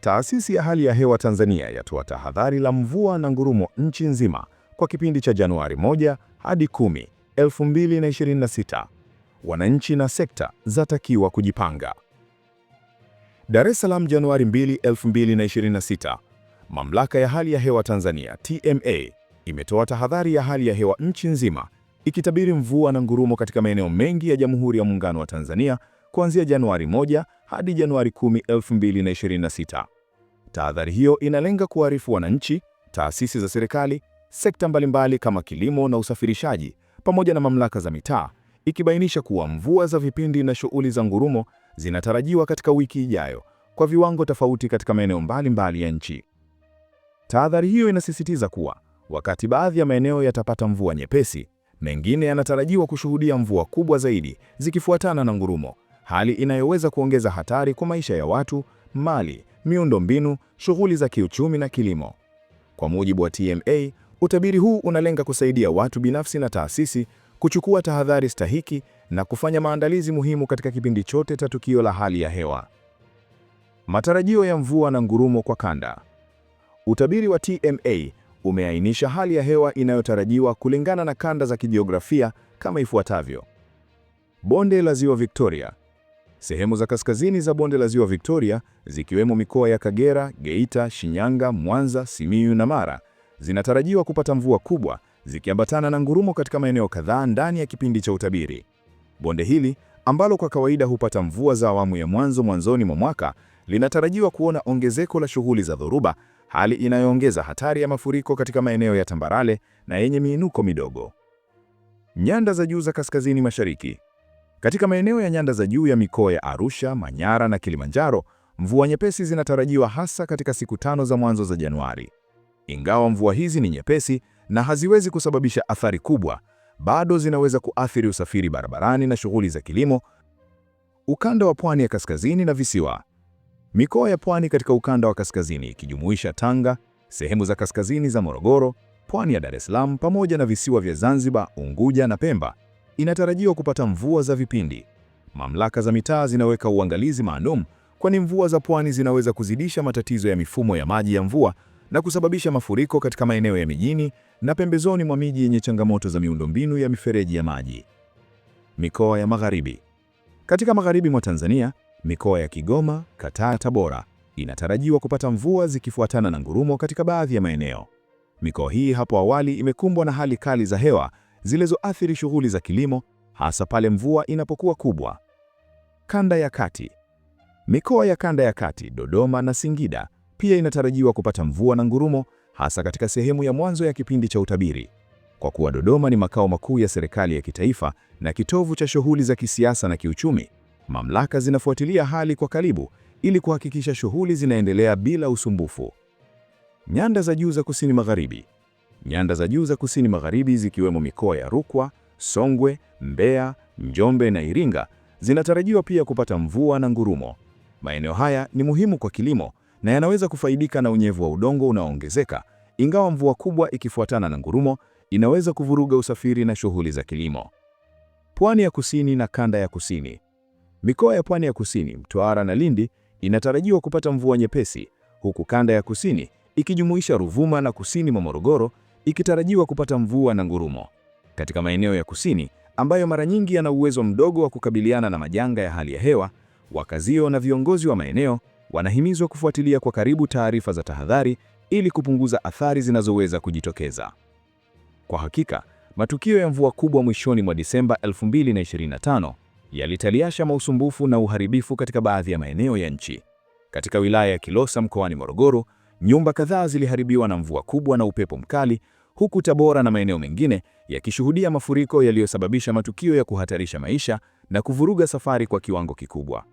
Taasisi ya Hali ya Hewa Tanzania yatoa tahadhari la mvua na ngurumo nchi nzima kwa kipindi cha Januari 1 hadi 10, 2026. Wananchi na sekta zatakiwa kujipanga. Dar es Salaam, Januari 2, 2026. Mamlaka ya Hali ya Hewa Tanzania, TMA, imetoa tahadhari ya hali ya hewa nchi nzima ikitabiri mvua na ngurumo katika maeneo mengi ya Jamhuri ya Muungano wa Tanzania kuanzia Januari 1 hadi Januari 10, 2026. Tahadhari hiyo inalenga kuarifu wananchi, taasisi za serikali, sekta mbalimbali kama kilimo na usafirishaji pamoja na mamlaka za mitaa, ikibainisha kuwa mvua za vipindi na shughuli za ngurumo zinatarajiwa katika wiki ijayo kwa viwango tofauti katika maeneo mbalimbali ya nchi. Tahadhari hiyo inasisitiza kuwa wakati baadhi ya maeneo yatapata mvua nyepesi, mengine yanatarajiwa kushuhudia mvua kubwa zaidi zikifuatana na ngurumo hali inayoweza kuongeza hatari kwa maisha ya watu, mali, miundombinu, shughuli za kiuchumi na kilimo. Kwa mujibu wa TMA, utabiri huu unalenga kusaidia watu binafsi na taasisi kuchukua tahadhari stahiki na kufanya maandalizi muhimu katika kipindi chote cha tukio la hali ya hewa. Matarajio ya mvua na ngurumo kwa kanda. Utabiri wa TMA umeainisha hali ya hewa inayotarajiwa kulingana na kanda za kijiografia kama ifuatavyo: Bonde la Ziwa Victoria, Sehemu za kaskazini za bonde la ziwa Victoria, zikiwemo mikoa ya Kagera, Geita, Shinyanga, Mwanza, Simiyu na Mara, zinatarajiwa kupata mvua kubwa zikiambatana na ngurumo katika maeneo kadhaa ndani ya kipindi cha utabiri. Bonde hili ambalo kwa kawaida hupata mvua za awamu ya mwanzo mwanzoni mwa mwaka, linatarajiwa kuona ongezeko la shughuli za dhoruba, hali inayoongeza hatari ya mafuriko katika maeneo ya tambarale na yenye miinuko midogo. Nyanda za juu za kaskazini mashariki katika maeneo ya nyanda za juu ya mikoa ya Arusha, Manyara na Kilimanjaro, mvua nyepesi zinatarajiwa hasa katika siku tano za mwanzo za Januari. Ingawa mvua hizi ni nyepesi na haziwezi kusababisha athari kubwa, bado zinaweza kuathiri usafiri barabarani na shughuli za kilimo. Ukanda wa pwani ya kaskazini na visiwa. Mikoa ya pwani katika ukanda wa kaskazini ikijumuisha Tanga, sehemu za kaskazini za Morogoro, pwani ya Dar es Salaam pamoja na visiwa vya Zanzibar, Unguja na Pemba inatarajiwa kupata mvua za vipindi. Mamlaka za mitaa zinaweka uangalizi maalum, kwani mvua za pwani zinaweza kuzidisha matatizo ya mifumo ya maji ya mvua na kusababisha mafuriko katika maeneo ya mijini na pembezoni mwa miji yenye changamoto za miundombinu ya mifereji ya maji. Mikoa ya Magharibi. Katika magharibi mwa Tanzania, mikoa ya Kigoma, Katavi, Tabora inatarajiwa kupata mvua zikifuatana na ngurumo katika baadhi ya maeneo. Mikoa hii hapo awali imekumbwa na hali kali za hewa zilizoathiri shughuli za kilimo, hasa pale mvua inapokuwa kubwa. Kanda ya Kati. Mikoa ya Kanda ya Kati, Dodoma na Singida pia inatarajiwa kupata mvua na ngurumo, hasa katika sehemu ya mwanzo ya kipindi cha utabiri. Kwa kuwa Dodoma ni makao makuu ya serikali ya kitaifa na kitovu cha shughuli za kisiasa na kiuchumi, mamlaka zinafuatilia hali kwa karibu ili kuhakikisha shughuli zinaendelea bila usumbufu. Nyanda za juu za kusini magharibi nyanda za juu za kusini magharibi zikiwemo mikoa ya Rukwa, Songwe, Mbeya, Njombe na Iringa zinatarajiwa pia kupata mvua na ngurumo. Maeneo haya ni muhimu kwa kilimo na yanaweza kufaidika na unyevu wa udongo unaoongezeka, ingawa mvua kubwa ikifuatana na ngurumo inaweza kuvuruga usafiri na shughuli za kilimo. Pwani ya kusini na kanda ya kusini. Mikoa ya pwani ya kusini, Mtwara na Lindi inatarajiwa kupata mvua nyepesi, huku kanda ya kusini ikijumuisha Ruvuma na kusini mwa Morogoro ikitarajiwa kupata mvua na ngurumo katika maeneo ya kusini ambayo mara nyingi yana uwezo mdogo wa kukabiliana na majanga ya hali ya hewa. Wakazio na viongozi wa maeneo wanahimizwa kufuatilia kwa karibu taarifa za tahadhari ili kupunguza athari zinazoweza kujitokeza. Kwa hakika, matukio ya mvua kubwa mwishoni mwa Disemba 2025 yalitaliasha mausumbufu na uharibifu katika baadhi ya maeneo ya nchi. Katika wilaya ya Kilosa mkoani Morogoro, Nyumba kadhaa ziliharibiwa na mvua kubwa na upepo mkali, huku Tabora na maeneo mengine yakishuhudia mafuriko yaliyosababisha matukio ya kuhatarisha maisha na kuvuruga safari kwa kiwango kikubwa.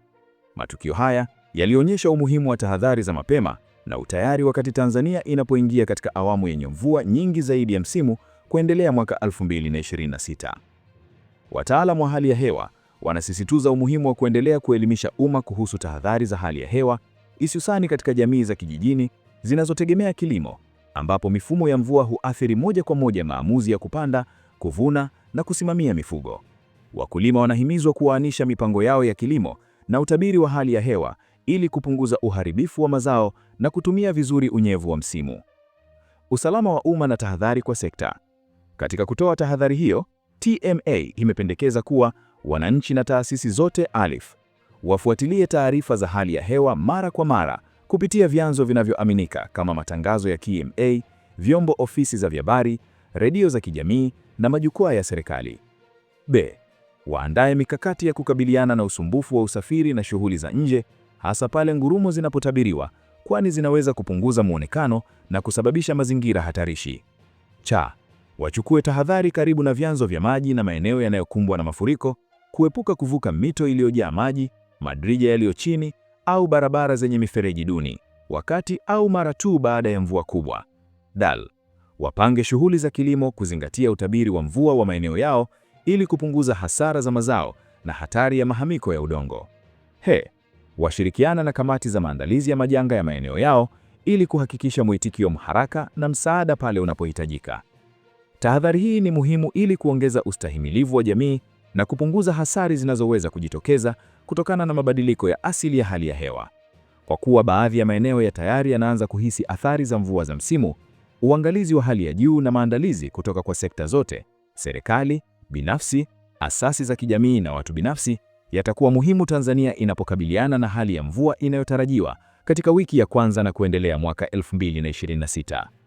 Matukio haya yalionyesha umuhimu wa tahadhari za mapema na utayari wakati Tanzania inapoingia katika awamu yenye mvua nyingi zaidi ya msimu kuendelea mwaka 2026. Wataalamu wa hali ya hewa wanasisitiza umuhimu wa kuendelea kuelimisha umma kuhusu tahadhari za hali ya hewa, hususani katika jamii za kijijini zinazotegemea kilimo, ambapo mifumo ya mvua huathiri moja kwa moja maamuzi ya kupanda, kuvuna na kusimamia mifugo. Wakulima wanahimizwa kuwaanisha mipango yao ya kilimo na utabiri wa hali ya hewa ili kupunguza uharibifu wa mazao na kutumia vizuri unyevu wa msimu. Usalama wa umma na tahadhari kwa sekta. Katika kutoa tahadhari hiyo, TMA imependekeza kuwa wananchi na taasisi zote alif wafuatilie taarifa za hali ya hewa mara kwa mara kupitia vyanzo vinavyoaminika kama matangazo ya KMA, vyombo ofisi za vyabari, redio za kijamii na majukwaa ya serikali. B. Waandae mikakati ya kukabiliana na usumbufu wa usafiri na shughuli za nje, hasa pale ngurumo zinapotabiriwa, kwani zinaweza kupunguza muonekano na kusababisha mazingira hatarishi. Cha. Wachukue tahadhari karibu na vyanzo vya maji na maeneo yanayokumbwa na mafuriko, kuepuka kuvuka mito iliyojaa maji, madrija yaliyo chini au barabara zenye mifereji duni wakati au mara tu baada ya mvua kubwa. Dal, wapange shughuli za kilimo kuzingatia utabiri wa mvua wa maeneo yao ili kupunguza hasara za mazao na hatari ya mahamiko ya udongo. He, washirikiana na kamati za maandalizi ya majanga ya maeneo yao ili kuhakikisha mwitikio mharaka na msaada pale unapohitajika. Tahadhari hii ni muhimu ili kuongeza ustahimilivu wa jamii na kupunguza hasara zinazoweza kujitokeza kutokana na mabadiliko ya asili ya hali ya hewa. Kwa kuwa baadhi ya maeneo ya tayari yanaanza kuhisi athari za mvua za msimu, uangalizi wa hali ya juu na maandalizi kutoka kwa sekta zote, serikali, binafsi, asasi za kijamii na watu binafsi, yatakuwa muhimu Tanzania inapokabiliana na hali ya mvua inayotarajiwa katika wiki ya kwanza na kuendelea mwaka 2026.